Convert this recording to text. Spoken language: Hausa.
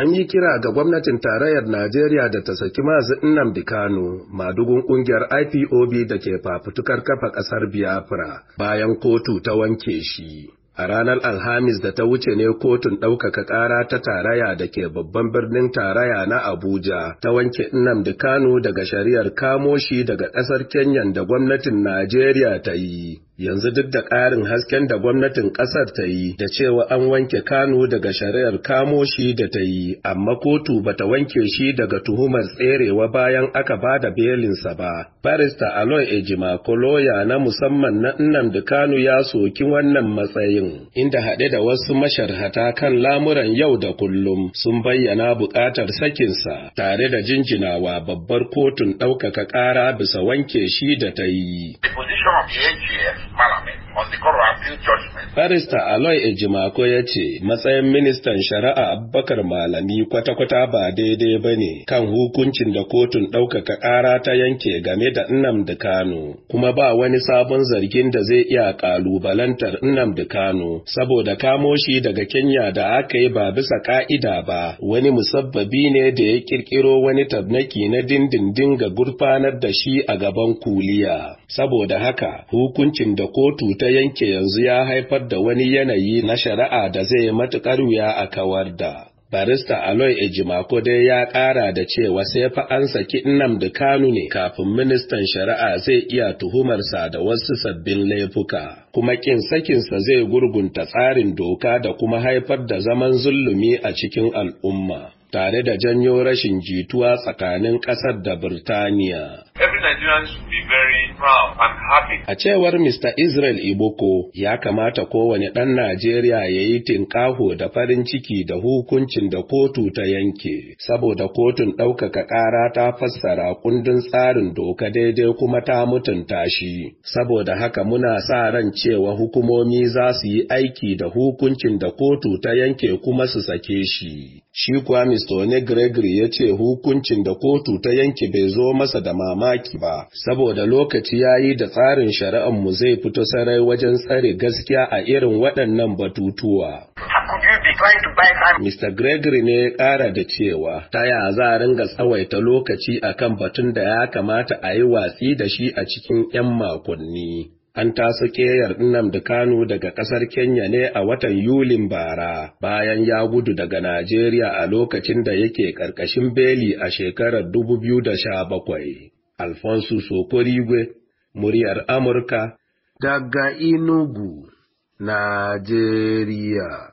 an yi kira ga gwamnatin tarayyar Najeriya da ta saki masu Nnamdi Kano, madugun kungiyar IPOB da ke fafutukar kafa ƙasar Biafra bayan kotu ta wanke shi. A ranar Alhamis da ta wuce ne kotun ɗaukaka ƙara ta taraya da ke babban birnin taraya na Abuja ta wanke Nnamdi Kano daga shari'ar kamo shi daga ƙasar Kenya da gwamnatin Najeriya ta yi. yanzu duk da ƙarin hasken da gwamnatin ƙasar ta yi da cewa an wanke Kano daga shari'ar kamo shi da ta yi, amma kotu bata wanke shi daga tuhumar tserewa bayan aka ba da belinsa ba. Barista Aloy Ejima Koloya na musamman na Nnamdi Kano ya soki wannan matsayin, inda haɗe da wasu masharhata kan lamuran yau da kullum sun bayyana buƙatar sakinsa tare da jinjinawa babbar kotun ɗaukaka ƙara bisa wanke shi da ta yi. The position malamente. Barista Aloy Ejimako ya ce matsayin ministan shari'a Abubakar Malami kwata-kwata ba daidai ba ne kan hukuncin da kotun ɗaukaka ƙara ta yanke game da Nnamdi Kano, kuma ba wani sabon zargin da zai iya ƙalubalantar Nnamdi Kano saboda kamo shi daga Kenya da aka yi ba bisa ƙa'ida ba wani musabbabi ne da ya ƙirƙiro wani tabnaki na dindindin ga gurfanar da shi a gaban kuliya. Saboda haka hukuncin da kotu ta yanke yanzu ya haifar da wani yanayi na shari'a da zai matuƙar wuya a kawar da. Barista Aloy Ejimako dai ya ƙara da cewa sai fa an saki Nnamdi Kanu ne kafin ministan shari'a zai iya tuhumarsa da wasu sabbin laifuka. Kuma ƙin sakinsa zai gurgunta tsarin doka da kuma haifar da zaman zullumi a cikin al'umma. tare da janyo rashin jituwa tsakanin ƙasar da Birtaniya. A cewar Mr. Israel Iboko, ya kamata kowane ɗan Najeriya ya yi tinƙaho da farin ciki da hukuncin da kotu ta yanke, saboda kotun ɗaukaka ƙara ta fassara kundin tsarin doka daidai kuma ta mutunta shi. Saboda haka muna sa ran cewa hukumomi za su yi aiki da hukuncin da kotu ta yanke kuma su sake shi. Shi kuwa Mr. One Gregory ya ce hukuncin da kotu ta yanke bai zo masa da mamaki ba, saboda lokaci ya yi da tsarin shari'ar mu zai fito sarai wajen tsare gaskiya a irin waɗannan batutuwa. Mr. Gregory ne ya ƙara da cewa ta ya za a ringa tsawaita lokaci akan batun da ya kamata a yi watsi da shi a cikin 'yan makonni. An taso keyar da Kano daga ƙasar Kenya ne a watan Yulin bara bayan ya gudu daga Najeriya a lokacin da yake ƙarƙashin beli a shekarar 2017. Alfonso Sokorigwe, muryar Amurka, daga Inugu, Najeriya.